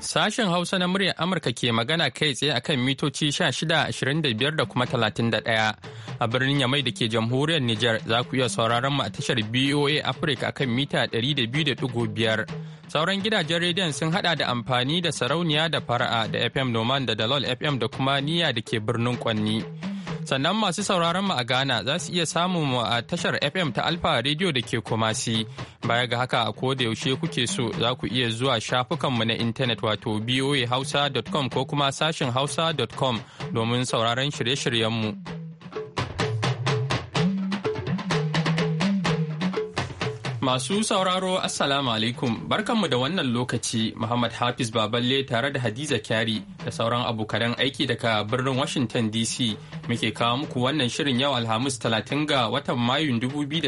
Sashen Hausa na muryar Amurka ke magana kai tsaye akan mitoci 1625 da kuma 31 a birnin Yamai da ke jamhuriyar Nijar za ku iya sauraron mu a tashar BOA Africa akan mita 200.5. Sauran gidajen rediyon sun hada da amfani da sarauniya da fara'a da FM Noman da Dalol FM da kuma niyya da ke birnin Kwanni. Sannan masu sauraron mu a Ghana za su iya samun mu a tashar FM ta Alfa Radio da ke Kumasi. Baya ga haka a koda yaushe kuke so za ku iya zuwa shafukan mu na intanet wato boahausa.com ko kuma sashin hausa.com domin sauraron shirye shiryen mu. Masu sauraro Assalamu alaikum barkanmu da wannan lokaci Muhammad Hafiz Baballe tare da Hadiza Kyari da sauran abokanan aiki daga birnin Washington DC muke kawo muku wannan shirin yau Alhamis 30 ga watan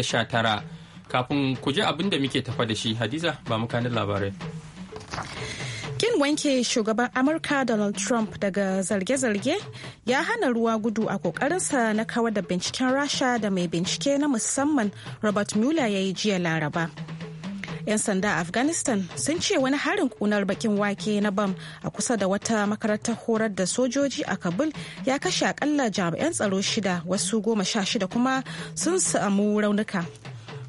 sha 2019 kafin ku ji abin da muke tafa da shi Hadiza ba mukanin labarai. wanke shugaban Amurka Donald Trump daga zarge-zarge ya hana ruwa gudu a kokarinsa na kawar da binciken Rasha da mai bincike na musamman Robert Mueller ya yi jiya Laraba. 'Yan sanda Afghanistan sun ce wani harin kunar bakin wake na bam a kusa da wata makarantar horar da sojoji a Kabul ya kashe akalla jami'an tsaro shida wasu goma sha shida kuma sun samu raunuka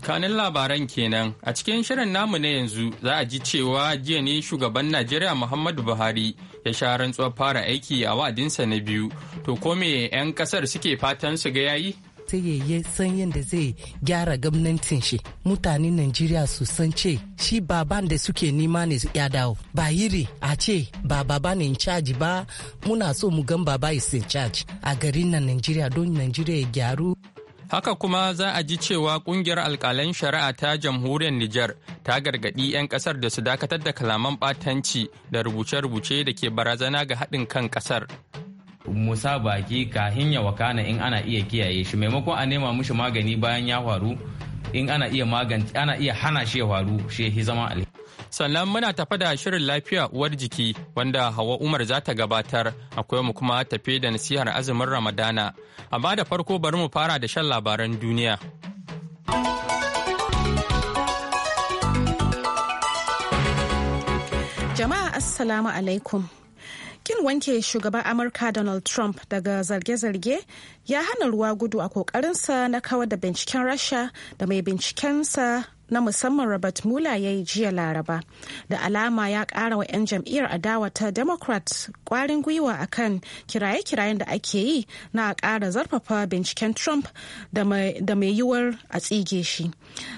kanin labaran kenan a cikin shirin namu na yanzu za a ji cewa jiya ne shugaban najeriya muhammadu buhari ya sha rantsuwar fara aiki a wa'adinsa na biyu to ko me 'yan kasar suke fatan su ga yayi sai ya yi san yadda zai gyara gwamnatin shi mutanen najeriya su san ce shi baban da suke nima ne ya dawo ba yiri a ce ba baba ne in caji ba muna so mu gan baba is in charge a garin nan najeriya don najeriya ya gyaru Haka kuma za a ji cewa kungiyar alkalan shari'a ta jamhuriyar Nijar ta gargaɗi 'yan ƙasar da su dakatar da kalaman ɓatanci da rubuce-rubuce da ke barazana ga haɗin kan ƙasar. Musa baki kahin ya wakana in ana iya kiyaye shi maimakon a nema mushi magani bayan ya faru in ana iya ana iya hana shi ya faru shi zama alheri. sannan muna tafa da shirin lafiya uwar jiki wanda hawa umar za ta gabatar akwai mu kuma tafe da nasihar azumin ramadana amma da farko bari mu fara da shan labaran duniya jama'a assalamu alaikum kin wanke shugaban amurka donald trump daga zarge-zarge ya hana ruwa gudu a kokarinsa na kawar da binciken rasha da mai bincikensa na musamman Robert mula ya yi jiya Laraba. Da alama ya ƙara wa 'yan jam'iyyar adawa ta Democrat ƙwarin gwiwa a kan kiraye-kirayen da ake yi na kara zarfafa binciken Trump da mai yiwuwar a tsige shi.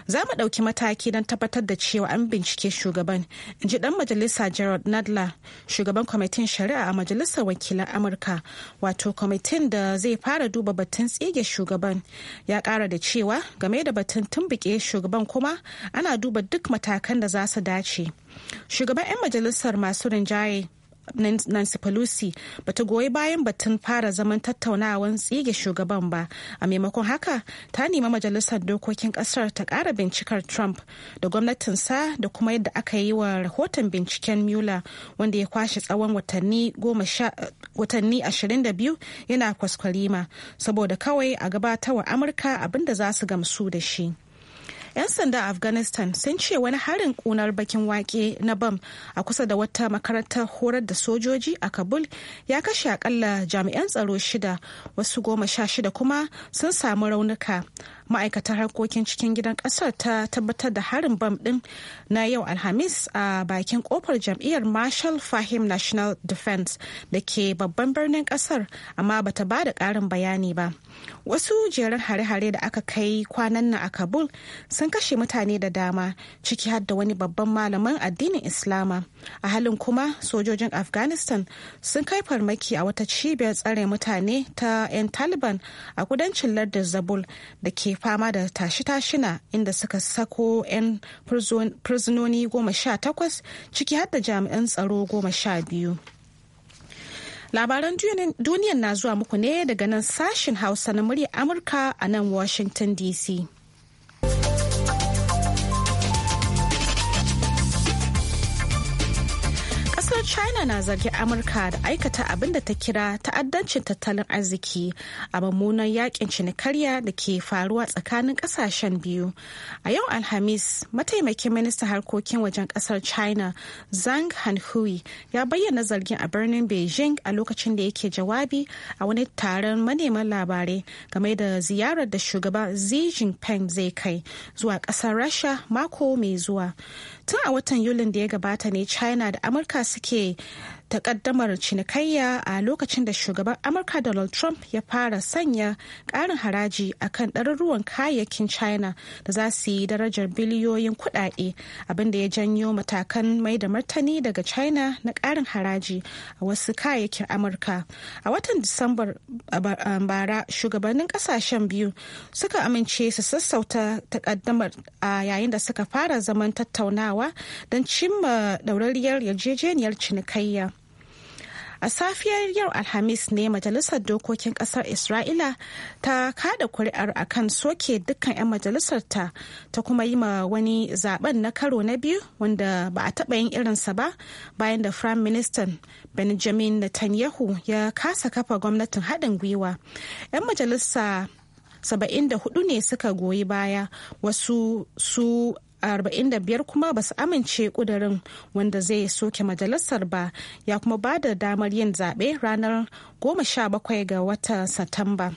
Za mu ɗauki mataki don tabbatar da cewa an bincike shugaban, in ji ɗan majalisa Gerald Nadler, shugaban kwamitin shari'a a majalisar wakilan Amurka, wato kwamitin da zai fara duba batun tsige shugaban. Ya ƙara da cewa game da batun tumbuke shugaban kuma ana duba duk matakan da za su dace shugaban 'yan majalisar masu rinjaye Nancy Pelosi bata goyi bayan batun fara zaman tattaunawan tsige shugaban ba, a maimakon haka ta nemi majalisar dokokin kasar ta kara bincikar Trump da gwamnatinsa da kuma yadda aka yi wa rahoton binciken Mueller wanda ya kwashe tsawon watanni 22 yana kwaskwarima saboda kawai a gabatarwa Amurka abin da za su gamsu da shi. 'yan sanda afghanistan sun ce wani harin kunar bakin wake na bam a kusa da wata makarantar horar da sojoji a kabul ya kashe akalla jami'an tsaro shida wasu goma sha shida kuma sun samu raunuka ma'aikatar harkokin cikin gidan kasar ta tabbatar da harin bam din na yau alhamis a bakin kofar jam'iyyar marshal fahim national defense da ke babban birnin kasar amma bata ba da karin bayani ba wasu jerin hare-hare da aka kai kwanan nan a kabul sun kashe mutane da dama ciki har da wani babban malaman addinin islama a halin kuma sojojin afghanistan sun kai farmaki a wata cibiyar tsare mutane ta 'yan taliban a kudancin lardin zabul da ke fama da tashi-tashina inda suka sako 'yan fursunoni goma sha takwas ciki har da jami'an tsaro goma sha biyu. Labaran duniyan na zuwa muku ne daga nan sashen Hausa na murya Amurka a nan Washington DC. China na zargin Amurka da aikata abin da ta kira ta'addancin tattalin arziki a mummunan yakin cinikarya da ke faruwa tsakanin ƙasashen biyu. A yau Alhamis, mataimakin minista harkokin wajen ƙasar China Zhang Hanhui ya bayyana zargin a birnin Beijing a lokacin da yake jawabi a wani taron manema labarai game da ziyarar da shugaba Xi Jinping zai kai zuwa ƙasar Rasha mako mai zuwa. tun a watan yulin da ya gabata ne china da amurka suke takaddamar cinikayya a lokacin da shugaban amurka donald trump ya fara sanya karin haraji a akan ɗaruruwan kayayyakin china da za su yi darajar biliyoyin kuɗaɗe abinda ya janyo matakan mai da martani daga china na karin haraji a wasu kayayyakin amurka a watan disambar bara shugabannin kasashen biyu suka amince su sassauta takaddamar a yayin da suka fara zaman tattaunawa don cimma ɗaurariyar yarjejeniyar cinikayya A safiyar yau Alhamis ne Majalisar Dokokin Ƙasar Isra'ila ta kada kuri'ar akan soke dukkan 'yan majalisar ta ta kuma yi ma wani zaben na karo na biyu wanda ba a taɓa yin irinsa ba bayan da Firayim Ministan Benjamin Netanyahu ya kasa kafa gwamnatin haɗin gwiwa. 'Yan majalisa 74 ne suka goyi baya wasu su 45 kuma ba su amince kudurin wanda zai soke majalisar ba ya kuma ba da damar yin zaɓe ranar 17 ga wata satamba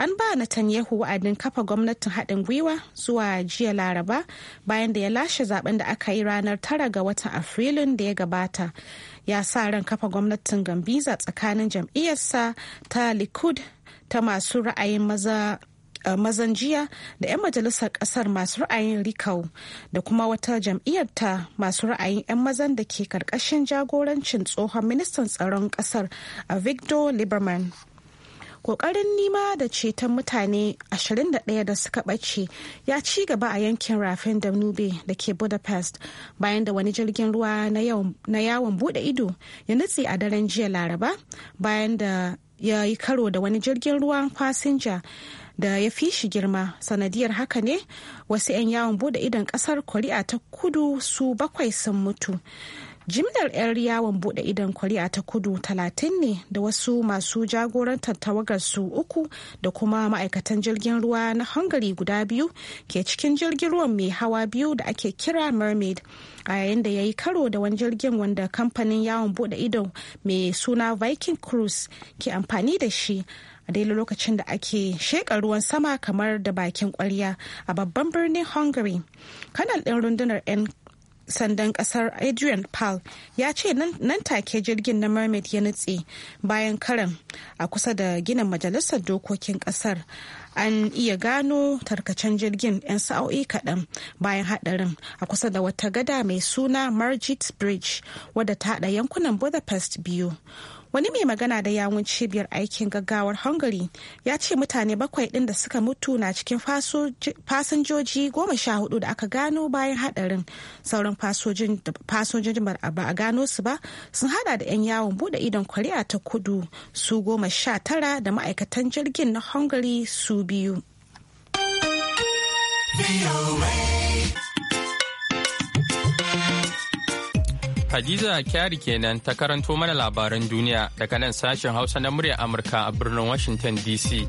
an ba Netanyahu wa'adin kafa gwamnatin haɗin gwiwa zuwa jiya laraba bayan da ya lashe zaben da aka yi ranar tara ga watan afrilun da ya gabata ya sa ran kafa gwamnatin gambiza tsakanin jam'iyyarsa ta likud ta masu ra'ayin maza mazan jiya da 'yan majalisar kasar masu ra'ayin rikau da kuma wata jam'iyyar ta masu ra'ayin 'yan mazan da ke karkashin jagorancin tsohon ministan tsaron kasar a victor liberman kokarin nima da ceton mutane 21 da suka ɓace ya ci gaba a yankin rafin danube da ke budapest bayan da wani jirgin ruwa na yawon bude ido ya nutse a daren jiya laraba bayan da ya yi karo da wani jirgin ruwan fasinja da ya fi shi girma sanadiyar haka ne wasu 'yan yawon bude idon kasar kori'a ta kudu su bakwai sun mutu jimlar 'yan yawon bude idon kori'a ta kudu talatin ne da wasu masu jagorantar tawagar su uku da kuma ma'aikatan jirgin ruwa na hungary guda biyu ke cikin jirgin ruwan mai hawa biyu da ake kira mermaid a yayin da ya yi karo da wani jirgin wanda kamfanin yawon bude idon mai suna viking cruise ke amfani da shi a daidai lokacin da ake sheƙa ruwan sama kamar da bakin kwarya a babban birnin hungary kanal ɗin rundunar 'yan sandan kasar adrian pal ya ce nan take jirgin na mermaid ya nutse bayan karan a kusa da ginin majalisar dokokin kasar an iya gano tarkacen jirgin 'yan sa'o'i kaɗan bayan haɗarin a kusa da wata gada mai suna margit bridge wadda ta haɗa yankunan budapest biyu wani mai magana da yawun cibiyar aikin gaggawar hungary ya ce mutane bakwai ɗin da suka mutu na cikin fasinjoji goma sha hudu da aka gano bayan hadarin sauran fasinjoji ba a gano su ba sun hada da 'yan yawon bude idon kwariya ta kudu su goma sha tara da ma'aikatan jirgin na hungary su biyu. Hadiza Kyari kenan ta karanto mana labaran duniya daga nan sashen Hausa na muryar Amurka a birnin Washington DC.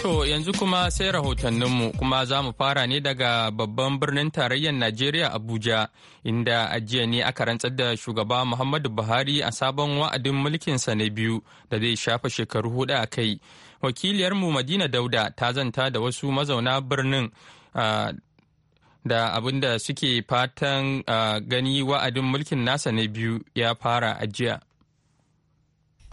To yanzu kuma sai rahotanninmu kuma za mu fara ne daga babban birnin tarayyar Najeriya Abuja inda ajiye ne aka rantsar da shugaba Muhammadu Buhari a sabon wa'adin mulkinsa na biyu da zai shafa shekaru hudu a kai. Wakiliyarmu Madina Dauda ta zanta da wasu mazauna birnin ah, da abin da suke fatan gani wa'adin mulkin nasa na biyu ya fara ajiya.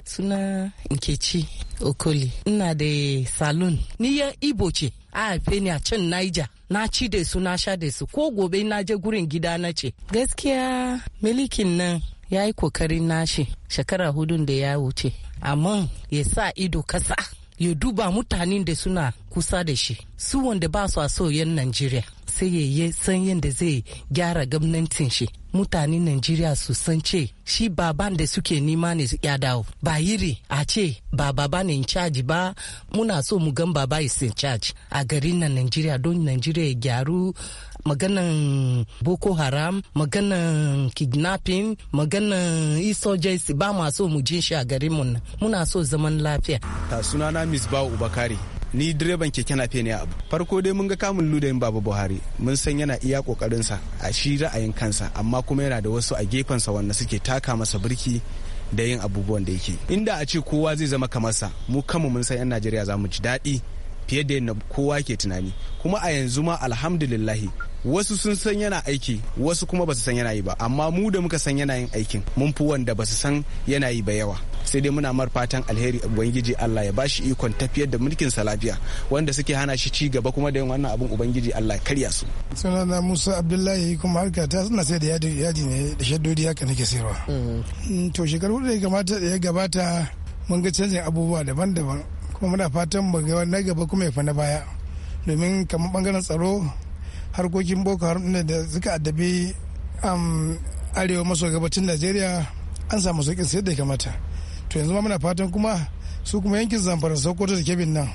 Suna Nkechi Okoli, ina da salon, ni yan Igbo ce, a haife ni a can Niger. na ci da su na sha da su ko gobe na je gurin gida na ce gaskiya milikin nan ya yi kokarin nashi shekara hudun da ya wuce amma ya sa ido kasa ya duba mutanen da suna kusa da shi su wanda ba su a soyan najeriya sai ya san yadda zai gyara gwamnatin shi mutane Najeriya su san ce shi baban da suke nima ne su ya dawo ba yiri a ce ba baba ne in caji ba muna so mu gan baba is in charge a garin nan Najeriya don Najeriya ya gyaru maganan Boko Haram maganan kidnapping maganan insurgency ba ma so mu jin shi a garin mun muna so zaman lafiya ta sunana Miss ba ubakari. ni direban keke na fene abu farko dai mun ga kamun ludayin baba buhari mun san yana iya kokarinsa a shi ra'ayin kansa amma kuma yana da wasu a gefensa wanda suke taka masa birki da yin abubuwan da yake inda a ce kowa zai zama kamar sa mu kanmu mun san yan najeriya za mu ji daɗi fiye da yadda kowa ke tunani kuma a yanzu ma alhamdulillahi wasu sun san yana aiki wasu kuma ba su san yana yi ba amma mu da muka san yana yin aikin mun fi wanda ba san yana yi ba yawa sai dai muna mar fatan alheri ubangiji Allah ya bashi ikon tafiyar da mulkin sa lafiya wanda suke hana shi ci gaba kuma da yin wannan abin ubangiji Allah ya karya su sunana Musa Abdullahi kuma harka ta suna sai da yadi yadi ne da shaddodi haka nake sayarwa mm-hmm. to shekaru da ya gabata mun ga canjin abubuwa daban-daban kuma muna fatan mu ga na gaba kuma ya fa na baya domin kamar bangaren tsaro harkokin boko haram ne da suka addabi arewa maso gabacin najeriya an samu sauƙin sai da kamata to yanzu ma muna fatan kuma su kuma yankin zamfara sokoto da kebin nan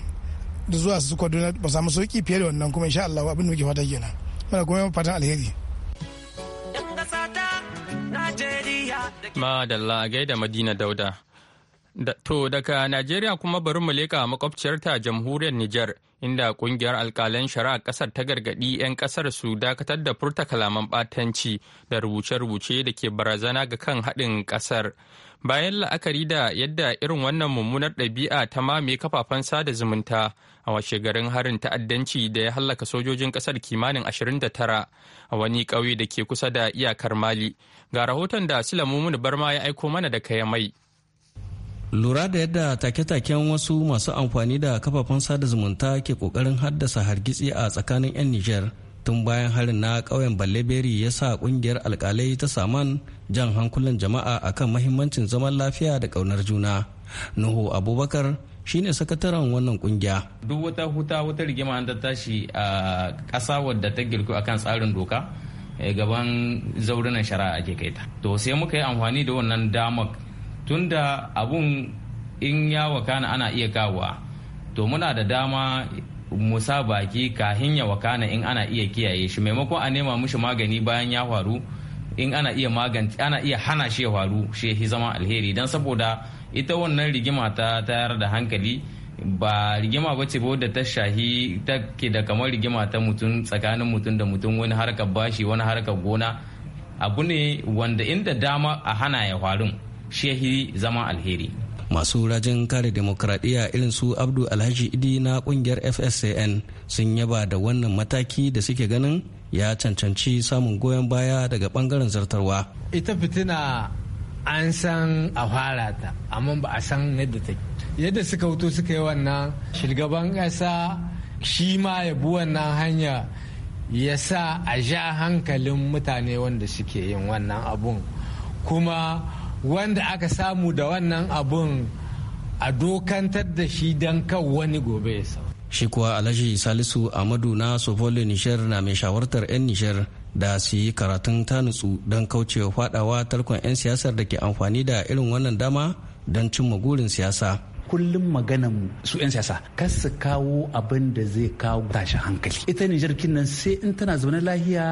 da zuwa su na ba samu sauƙi fiye da wannan kuma insha Allah abin da muke fata kenan muna kuma fatan alheri Madalla a gaida Madina Dauda To daga Najeriya kuma bari mu leƙa makwabciyarta jamhuriyar Nijar inda ƙungiyar alkalan shari'a ƙasar ta gargaɗi 'yan ƙasar su dakatar da furta kalaman ɓatanci da rubuce-rubuce da ke barazana ga kan haɗin ƙasar. Bayan la'akari da yadda irin wannan mummunar ɗabi'a ta mame kafafen sada zumunta a washe garin harin ta'addanci da ya hallaka sojojin ƙasar kimanin 29 a wani ƙauye da ke kusa da iyakar Mali. Ga rahoton da Sulamu Barma ya aiko mana da ya mai. lura da yadda take-taken wasu masu amfani da kafafen sada zumunta ke kokarin haddasa hargitsi a tsakanin 'yan nijar tun bayan harin na ƙauyen balleberi ya sa kungiyar alkalai ta saman jan hankulan jama'a akan mahimmancin zaman lafiya da kaunar juna nuhu abubakar shine sakataren wannan kungiya. duk wata huta wata rigima an ta tashi a ƙasa wadda ta girku akan tsarin doka eh, gaban zaurinan shari'a ake kai ta to sai muka yi amfani da wannan damar tunda abun in ya wakana ana iya kawowa to muna da dama musa baki kahin ya wakana in ana iya kiyaye shi maimakon a nema mushi magani bayan ya faru in ana iya magance ana iya hana shi ya faru shi zama alheri don saboda ita wannan rigima ta tayar da hankali ba rigima ba ce da ta shahi ta ke da kamar rigima ta mutum tsakanin mutum da mutum wani harkar bashi wani harkar gona abu ne wanda inda dama a hana ya faru. shehi zama alheri masu rajin kare demokradiyya irin su abdu alhaji idi na kungiyar fscn sun yaba da wannan mataki da suke ganin ya cancanci samun goyon baya daga bangaren zartarwa ita fitina an san a fara ta amma ba a san yadda ta yadda suka wuto suka yi wannan shugaban ƙasa shi ma ya bi wannan hanya ya sa a ja hankalin mutane wanda suke yin wannan abun kuma wanda aka samu da wannan abun a dokantar da shi don kan wani gobe ya sau. Shi kuwa Alhaji Salisu Amadu na sofoli Nishar na mai shawartar 'yan Nishar da su yi karatun nutsu don kaucewa fadawa tarkon 'yan siyasar da ke amfani da irin wannan dama don cimma gurin siyasa. kullum maganan su 'yan siyasa kar su kawo abin da zai kawo tashin hankali ita nijar nan sai in tana zaune lahiya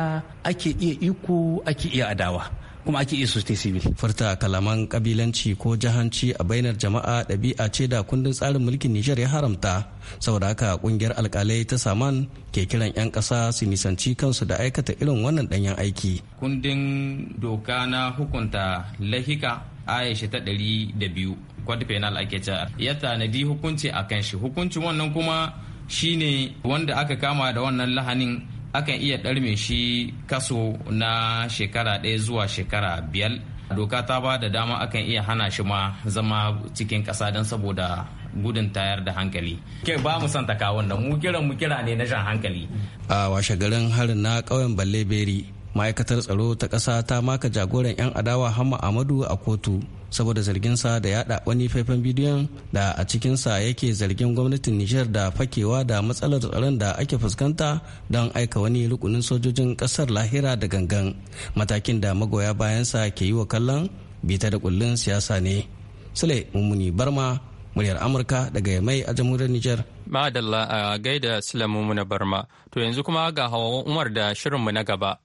ake iya iko ake iya adawa kuma ake iya sosai civil furta kalaman kabilanci ko jahanci a bainar jama'a ɗabi'a ce da kundin tsarin mulkin Nijar ya haramta saboda haka kungiyar alkalai ta saman ke kiran 'yan ƙasa su nisanci kansu da aikata irin wannan ɗanyen aiki kundin doka na hukunta lahika aisha ta ɗari da biyu kwad penal ake ya tanadi hukunci a kan shi hukuncin wannan kuma shine wanda aka kama da wannan lahanin akan iya ɗarme shi kaso na shekara ɗaya zuwa shekara biyar doka ta ba da dama akan iya hana shi ma zama cikin ƙasa don saboda gudun tayar da hankali ke ba mu son kawon da mu kira mu kira ne na shan hankali a washe garin harin na ƙauyen balle beri ma'aikatar tsaro ta ƙasa ta maka jagoran 'yan adawa hama amadu a kotu saboda zargin sa da yada wani faifan bidiyon da a cikin cikinsa yake zargin gwamnatin nijar da fakewa da matsalar tsaron da ake fuskanta don aika wani rukunin sojojin ƙasar lahira da gangan matakin da magoya bayansa ke yi wa kallon bita da kullun siyasa ne sule mummuni barma muryar amurka daga mai a jamhuriyar nijar madalla a gaida sule mummuna barma to yanzu kuma ga hawa umar da shirinmu na gaba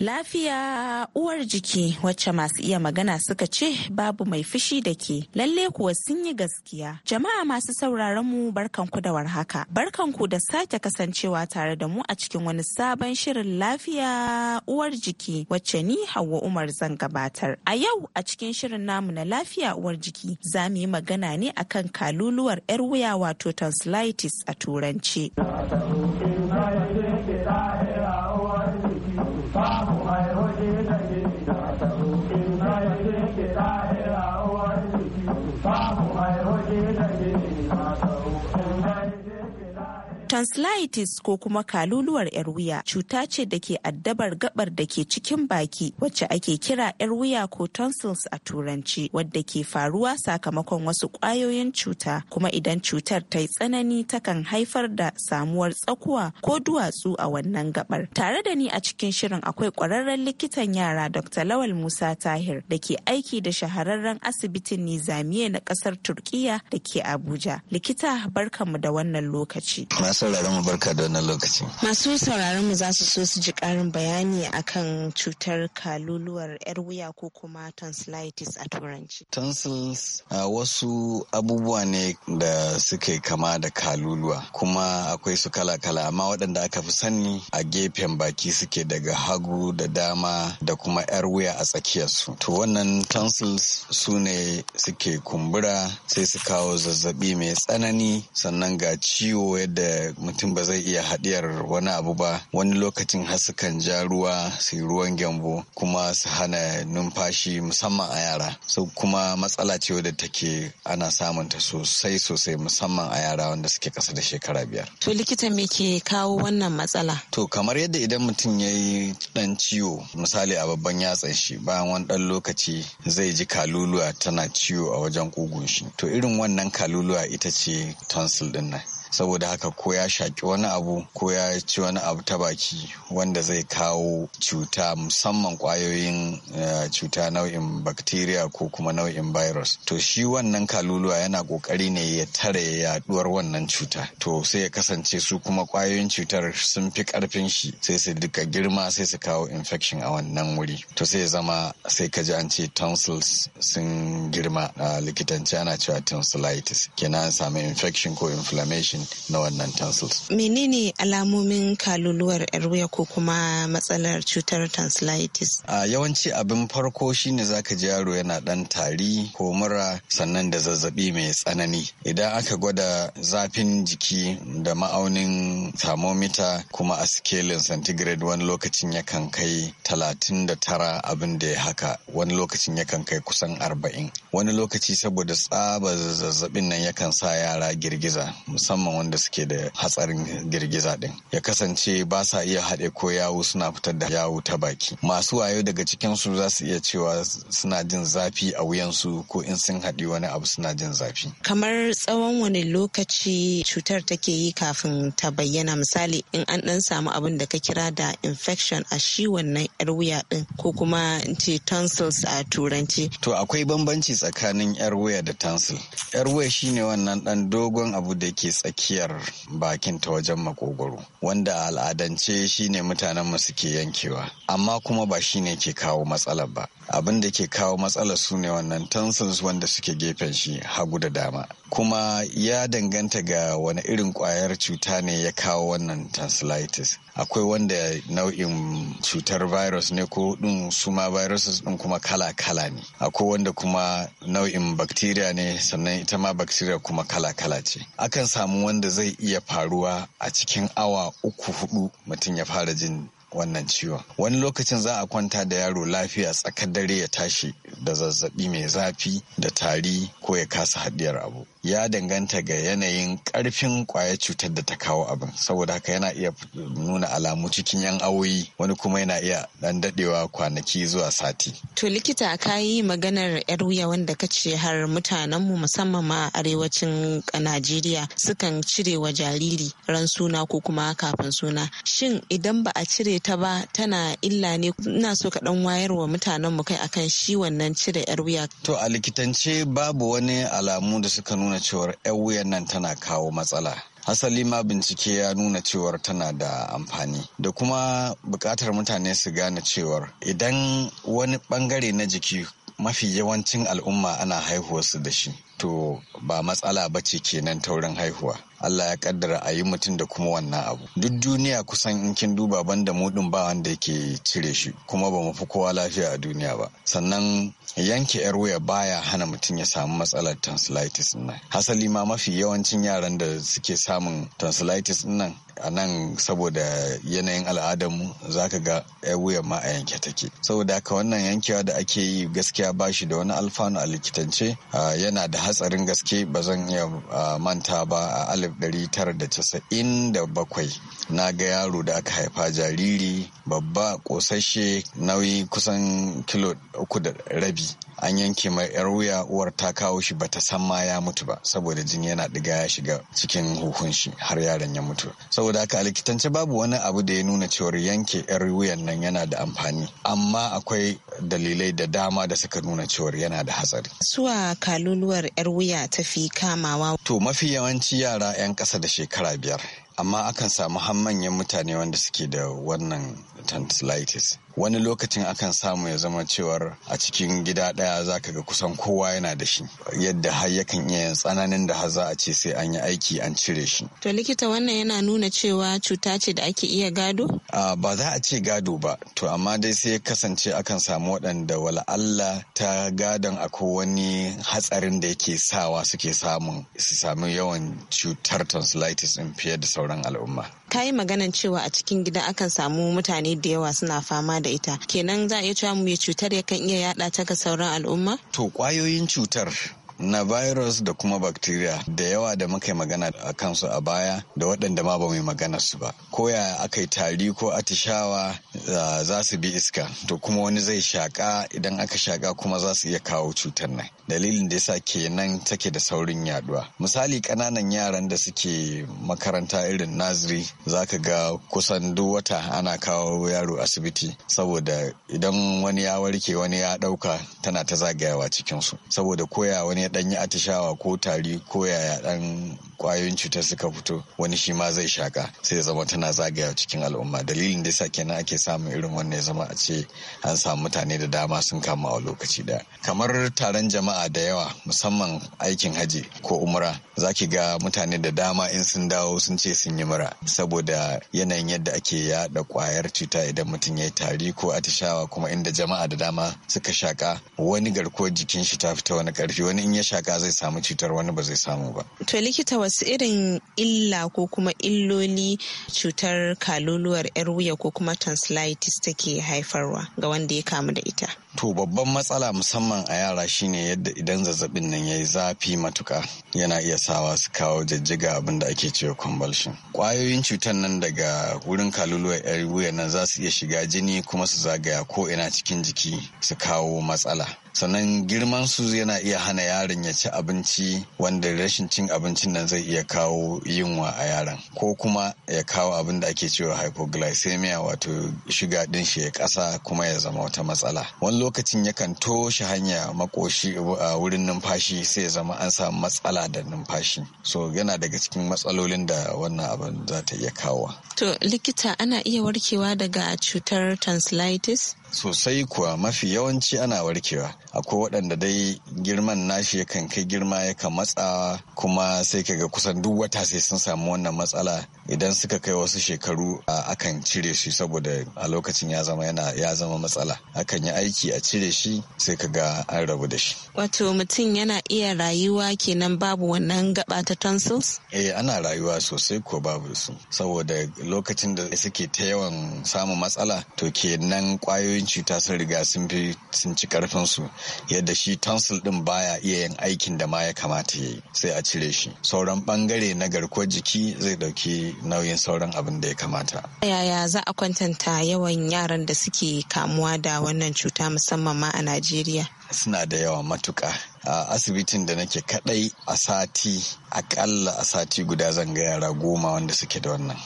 Lafiya uwar jiki wacce masu iya magana suka ce babu mai fushi da ke. Lalle kuwa sun yi gaskiya. Jama'a masu sauraron mu barkanku da warhaka. Barkanku da sake kasancewa tare da mu a cikin wani sabon shirin lafiya uwar jiki wacce ni Hauwa Umar zan gabatar. A yau a cikin shirin namu na lafiya uwar jiki za mu yi magana ne akan kaluluwar 'yar wuya wato tonsillitis a turanci. tonsillitis ko kuma kaluluwar yar wuya cuta ce da ke addabar gabar da ke cikin baki wacce ake kira yar wuya ko tonsils a turanci wadda ke faruwa sakamakon wasu kwayoyin cuta kuma idan cutar ta yi tsanani takan haifar da samuwar tsakuwa ko duwatsu a wannan gabar tare da ni a cikin shirin akwai kwararren likitan yara dr lawal musa tahir da ke aiki da shahararren asibitin nizamiye na kasar turkiya da ke abuja likita barkanmu da wannan lokaci sauraron mu barka da wannan lokaci. Masu sauraron mu za su so su ji karin bayani akan cutar kaluluwar yar wuya ko kuma tonsillitis a turanci. Tonsils a wasu abubuwa ne da suke kama da kaluluwa kuma akwai su kala-kala amma waɗanda aka fi sani a gefen baki suke daga hagu da dama da kuma yar wuya a su To wannan tonsils su ne suke kumbura sai su kawo zazzabi mai tsanani sannan ga ciwo yadda mutum ba zai iya haɗiyar wani abu ba wani lokacin har sukan ja ruwa su yi ruwan gyambo kuma su hana numfashi musamman a yara so kuma matsala ce wadda take ana samun ta sosai sosai musamman a yara wanda suke kasa da shekara biyar to likita me ke kawo wannan matsala to kamar yadda idan mutum ya yi dan ciwo misali a babban yatsan shi bayan wani ɗan lokaci zai ji kaluluwa tana ciwo a wajen kugun shi to irin wannan kaluluwa ita ce tonsil dinnan. saboda haka ko ya shaƙi wani abu ko ya ci wani abu ta baki wanda zai kawo cuta musamman ƙwayoyin eh, cuta nau'in bacteria ko kuma nau'in virus to shi wannan kaluluwa yana ƙoƙari ne ya tare yaduwar wannan cuta to sai ya kasance su kuma ƙwayoyin cutar sun fi ƙarfin shi sai su duka girma sai su kawo infection a wannan wuri to sai ya zama sai ka ji an ce tonsils sun girma a likitanci ana cewa tonsillitis kenan an samu infection ko inflammation packaging na wannan tonsils. Menene alamomin kaluluwar wuya ko kuma matsalar cutar tonsillitis? A yawanci abin farko shine zaka ji yaro yana ɗan tari ko mura sannan da zazzabi mai tsanani. Idan aka gwada zafin jiki da ma'aunin thermometer kuma a sikelin centigrade wani lokacin yakan kai talatin da tara abin da ya haka wani lokacin yakan kai kusan arba'in wani lokaci saboda tsaba zazzabin nan yakan sa yara girgiza musamman musamman wanda suke da hatsarin girgiza din ya kasance ba sa iya haɗe ko yawu suna fitar da yawu ta baki masu wayo daga cikin su za su iya cewa suna jin zafi a wuyansu ko in sun haɗi wani abu suna jin zafi kamar tsawon wani lokaci cutar take yi kafin ta bayyana misali in an ɗan samu abin da ka kira da infection a shi wannan yar wuya din ko kuma in ce tonsils a turanci to akwai bambanci tsakanin yar wuya da tonsil yar wuya shine wannan dan dogon abu da ke tsaki tsakiyar bakin ta wajen makogoro wanda al'adance shine mutanen mu suke yankewa amma kuma ba shine ke kawo matsala ba abin da ke kawo matsalar su ne wannan tonsils wanda suke gefen shi hagu da dama kuma ya danganta ga wani irin kwayar cuta ne ya kawo wannan tonsillitis akwai wanda nau'in cutar virus ne ko din suma viruses ɗin kuma kala-kala ne akwai wanda kuma nau'in bacteria ne sannan ita ma bacteria kuma kala-kala ce akan samu wanda zai iya faruwa a cikin awa uku hudu mutum ya fara jin wannan ciwon wani lokacin za a kwanta da yaro lafiya tsakar dare ya tashi da zazzabi mai zafi da tari ko ya kasa haɗiyar abu ya danganta ga yanayin ƙarfin kwayar cutar da ta kawo abin saboda haka yana iya nuna alamu cikin yan awoyi wani kuma yana iya dan dadewa kwanaki zuwa sati to likita ka yi maganar yar wuya wanda ka ce har mutanen mu musamman ma arewacin najeriya sukan cire wa jariri ran suna ko kuma kafin suna shin idan ba a cire ta ba tana illa ne ina so ka dan wayar wa mutanen mu kai akan shi wannan cire yar wuya to a likitance babu wani alamu da suka nuna cewar yar wuyan nan tana kawo matsala asali ma bincike ya nuna cewar tana da amfani da kuma bukatar mutane su gane cewar idan wani bangare na jiki mafi yawancin al'umma ana haihuwarsu da shi to ba matsala ba ce kenan taurin haihuwa Allah ya kaddara a yi mutum da kuma wannan abu duk duniya kusan in kin duba banda mu din ba wanda yake cire shi kuma ba mu fi kowa lafiya a duniya ba sannan yanke yar wuya baya hana mutum ya samu matsalar tonsillitis nan hasali ma mafi yawancin yaran da suke samun tonsillitis nan a nan saboda yanayin al'adarmu za ka ga wuya ma a yanke take saboda haka wannan yankewa da ake yi gaskiya bashi da wani alfanu a likitance yana da hatsarin gaske ba zan iya manta ba a 1997 na ga yaro da aka haifa jariri babba kosashe nauyi kusan kilo uku da rabi an yanke mai yar wuya uwar ta kawo shi bata san ma ya mutu ba saboda jini yana diga ya shiga cikin huhun shi har yaron ya mutu saboda haka a likitance babu wani abu da ya nuna cewar yanke yar wuyan nan yana da amfani amma akwai dalilai da dama da suka nuna cewar yana da hatsari suwa kaluluwar yar wuya ta fi kamawa to mafi yawanci yara 'yan ƙasa da shekara biyar amma akan samu har manyan mutane wanda suke da wannan tonsillitis wani lokacin akan samu ya zama cewar a cikin gida ɗaya za ka ga kusan kowa yana da shi yadda har yakan iya yin tsananin da har za a ce sai an yi aiki an cire shi. To likita wannan yana nuna cewa cuta ce da ake iya gado? a ba za a ce gado ba to amma dai sai kasance akan samu waɗanda wala Allah ta gadon akwai wani hatsarin da yake sawa suke samun su samu yawan cutar tonsillitis ɗin fiye da sauran sauran al'umma. Ta yi maganan cewa a cikin gida akan samu mutane da yawa suna fama da ita. Kenan za a iya cewa mu cutar yakan iya yada ta ga sauran al'umma? To kwayoyin cutar na virus da kuma bacteria da yawa da muka yi magana a kansu a baya da waɗanda ma ba mu yi magana su ba ko ya aka yi tari ko atishawa ah, za su bi iska to kuma wani zai shaka idan aka shaka kuma za su iya kawo cutar nan dalilin da yasa kenan take da saurin yaduwa misali ƙananan yaran da suke makaranta irin naziri ka ga kusan duk wata ana kawo yaro asibiti saboda idan wani ya warke wani ya ɗauka tana ta zagayawa cikinsu saboda koya wani dan yi atishawa ko tari ko yaya dan kwayoyin cutar suka fito wani shi ma zai shaka sai ya zama tana zagaya cikin al'umma dalilin da sa kenan ake samun irin wannan ya zama a ce an samu mutane da dama sun kama a lokaci da kamar taron jama'a da yawa musamman aikin haji ko umra zaki ga mutane da dama in sun dawo sun ce sun yi mura saboda yanayin yadda ake yada kwayar cuta idan mutum ya tari ko atishawa kuma inda jama'a da dama suka shaka wani garkuwar jikin shi ta fita wani karfi wani in ya shaka zai samu cutar wani ba zai samu ba. To likita wasu irin illa ko kuma illoli cutar kaluluwar 'yar wuya ko kuma tonsillitis take haifarwa ga wanda ya kamu da ita? to babban matsala musamman a yara shine yadda idan zazzabin nan ya yi zafi matuka yana iya sawa su kawo jijjiga abin da ake cewa convulsion kwayoyin cutar nan daga wurin kaluluwar yar wuya nan za su iya shiga jini kuma su zagaya ko ina cikin jiki su kawo matsala sannan girman su yana iya hana yaron ya ci abinci wanda rashin cin abincin nan zai iya kawo yunwa a yaron ko kuma ya kawo abin da ake cewa hypoglycemia wato shiga din shi ya kasa kuma ya zama wata matsala wani lokacin yakan toshe hanya makoshi a wurin numfashi sai zama an samu matsala da numfashi so yana daga cikin matsalolin da wannan abin za ta iya kawo to likita ana iya warkewa daga cutar tonsillitis sosai kuwa mafi yawanci ana warkewa akwai waɗanda dai girman nashi yakan kai girma yakan matsa kuma sai kaga kusan duk wata sai sun samu wannan matsala idan suka kai wasu shekaru a akan cire shi saboda a lokacin ya zama yana ya zama matsala akan yi aiki a cire shi sai kaga an rabu da shi wato mutum yana iya rayuwa kenan babu wannan gaba ta tonsils eh ana rayuwa sosai ko babu su saboda lokacin da suke ta yawan samun matsala to kenan kwayoyi kwayoyin cuta sun riga sun fi sun ci karfin su yadda shi tonsil din baya iya yin aikin da ma ya kamata ya yi sai a cire shi sauran bangare na garkuwar jiki zai dauki nauyin sauran abin da ya kamata yaya za a kwantanta yawan yaran da suke kamuwa da wannan cuta musamman ma a najeriya suna da yawa matuka a asibitin da nake kadai a sati akalla a sati guda zan ga yara goma wanda suke da wannan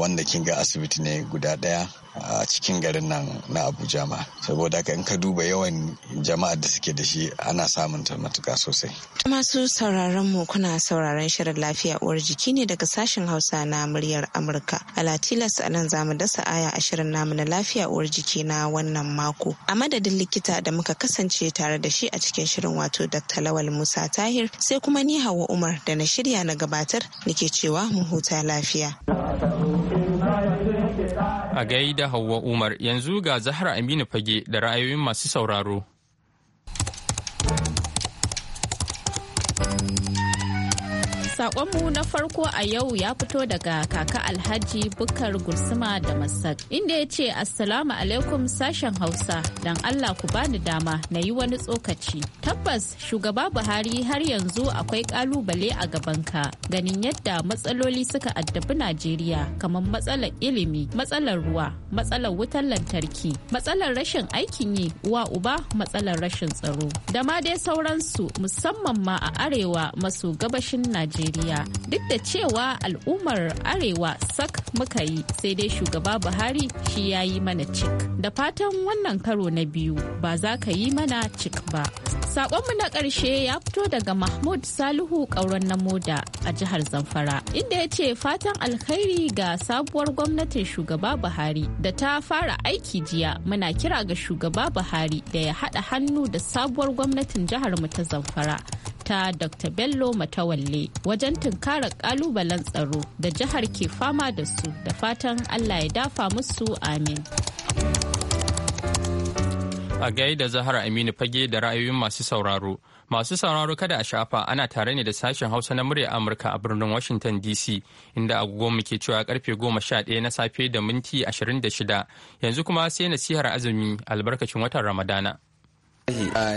wanda kin ga asibiti ne guda daya a cikin garin nan na abuja ma saboda haka in ka duba yawan jama'a da suke da shi ana samun ta matuka sosai masu sauraron mu kuna sauraron shirin lafiya uwar jiki ne daga sashen hausa na muryar amurka latilas a nan zamu dasa aya a shirin namu na lafiya uwar jiki na wannan mako a madadin likita da muka kasance tare da shi a cikin shirin wato dr lawal musa tahir sai kuma ni hawa umar da na shirya na gabatar nake cewa mu huta lafiya A gaida Hauwa Umar yanzu ga Zahra Aminu Fage da ra'ayoyin masu sauraro. Sakonmu na farko a yau ya fito daga kaka Alhaji Bukar Gursuma da Masar, inda ya ce Assalamu alaikum sashen Hausa, don Allah ku bani dama na yi wani tsokaci. Tabbas shugaba Buhari har yanzu akwai kalubale a gabanka ganin yadda matsaloli suka addabi Najeriya kamar matsalar ilimi, matsalar ruwa, matsalar wutar lantarki, matsalar rashin aikin yi, uwa uba matsalar rashin tsaro. Da ma dai sauransu musamman ma a arewa maso gabashin Najeriya. Najeriya. Duk da cewa al'ummar Arewa sak muka yi sai dai shugaba Buhari shi ya yi mana cik. Da fatan wannan karo na biyu ba za ka yi mana cik ba. Sakonmu na ƙarshe ya fito daga Mahmud Salihu ƙauren na moda a jihar Zamfara, inda ya ce fatan alkhairi ga sabuwar gwamnatin shugaba Buhari da ta fara aiki jiya muna kira ga shugaba Buhari da ya haɗa hannu da sabuwar gwamnatin jihar mu ta Zamfara ta Dr. Bello Matawalle wajen tunkara kalubalen tsaro da jihar ke fama da su da fatan Allah ya dafa musu amin. A da zahar Aminu fage da ra'ayoyin masu sauraro. Masu sauraro kada a shafa ana tare ne da sashen Hausa na murya Amurka a birnin Washington DC inda agogo muke cewa karfe goma sha ɗaya na safe da minti 26 yanzu kuma sai nasihar azumi albarkacin watan Ramadana.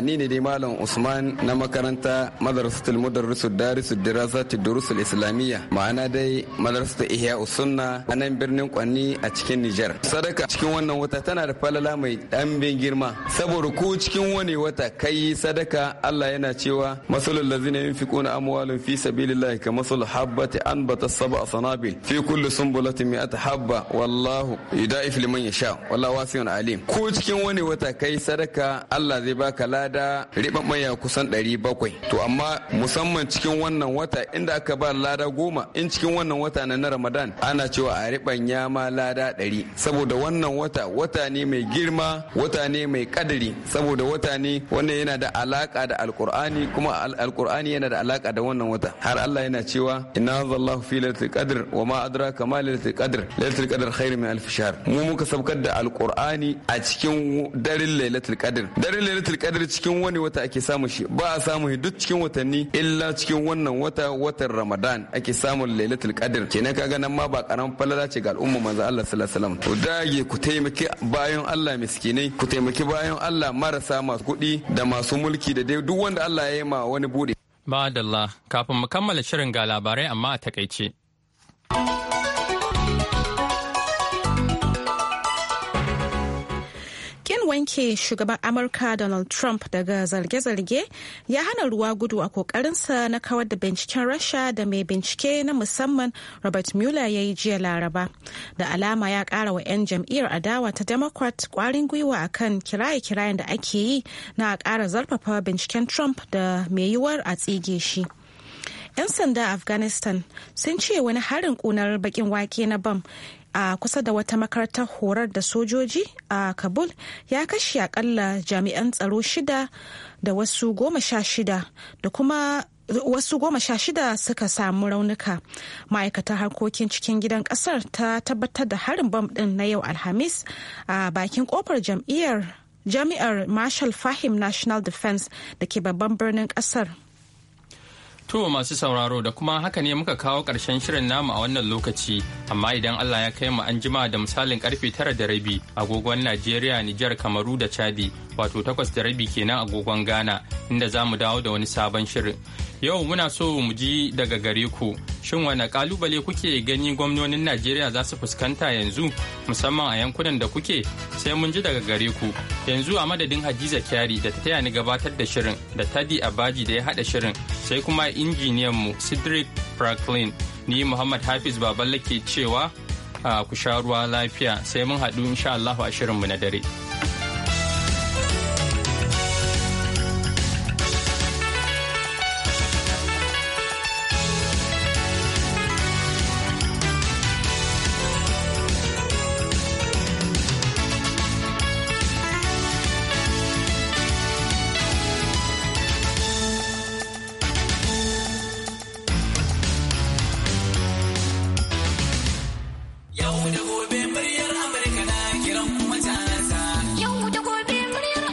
ni ne dai malam usman na makaranta madrasatul mudarrisu darisu dirasati durusul islamiyya ma'ana dai madrasatul ihya usunna a nan birnin kwanni a cikin nijar sadaka cikin wannan wata tana da falala mai ɗanbin girma saboda ku cikin wani wata kai sadaka allah yana cewa masalul lazina yunfiquna amwalun fi sabilillahi ka masul habbati anbata sab'a sanabil fi kulli sumbulatin mi'ata habba wallahu yuda'if liman yasha wallahu wasi'un alim ku cikin wani wata kai sadaka allah zai zai baka lada riɓaɓɓanya kusan ɗari bakwai to amma musamman cikin wannan wata inda aka ba lada goma in cikin wannan wata na na ramadan ana cewa a ya ma lada ɗari saboda wannan wata wata ne mai girma wata ne mai kadari saboda wata ne wannan yana da alaka da alkur'ani kuma alkur'ani yana da alaka da wannan wata har Allah yana cewa inna zallahu fi lailatul qadr wa ma adraka ma lailatul qadr lailatul qadr khairu min alf shahr mu muka sabkar da alkur'ani a cikin darin lailatul qadr lailatul qadr cikin wani wata ake samun shi ba a samu shi duk cikin watanni illa cikin wannan wata watan ramadan ake samun lailatul qadr kenan kaga nan ma ba karam falala ce ga al'umma manzo Allah sallallahu alaihi wasallam to dage ku taimaki bayan Allah miskinai ku taimaki bayan Allah marasa masu kuɗi da masu mulki da dai duk wanda Allah ya yi ma wani bude Allah kafin mu kammala shirin ga labarai amma a takaice wanke shugaban Amurka Donald Trump daga zarge-zarge ya hana ruwa gudu a kokarinsa na kawar da binciken Rasha da mai bincike na musamman Robert Mueller ya yi jiya Laraba. Da alama ya kara wa 'yan jam'iyyar adawa ta Democrat kwarin gwiwa akan kiraye-kirayen da ake yi na kara zarfafa binciken Trump da mai yiwuwar a tsige shi. 'yan sanda afghanistan sun ce wani harin kunar bakin wake na bam a kusa da wata makarantar horar da sojoji a kabul ya kashe akalla jami'an tsaro shida da wasu goma sha shida da kuma wasu goma sha shida suka samu raunuka ma'aikatar harkokin cikin gidan kasar ta tabbatar da harin bam din na yau alhamis a bakin kofar jam'iyyar jami'ar marshal fahim national defense da ke babban birnin kasar To masu sauraro da kuma haka ne muka kawo ƙarshen shirin namu a wannan lokaci, amma idan Allah ya kai mu an jima da misalin karfe tara da rabi agogon Najeriya, Nijar, Kamaru da Chadi, wato takwas da rabi kenan agogon Ghana, inda za mu dawo da wani sabon shirin. Yau muna so mu ji daga gare ku, Shin wane kalubale kuke gani gwamnonin Najeriya za su fuskanta yanzu musamman a yankunan da kuke sai mun ji daga gare ku. Yanzu a madadin Hadiza Kyari da ta taya ni gabatar da shirin da Tadi Abaji da ya haɗa shirin sai kuma injiniyan mu Cedric Franklin ni Muhammad Hafiz Baballe ke cewa ah, ku sha ruwa lafiya sai mun haɗu insha Allah a mu na dare.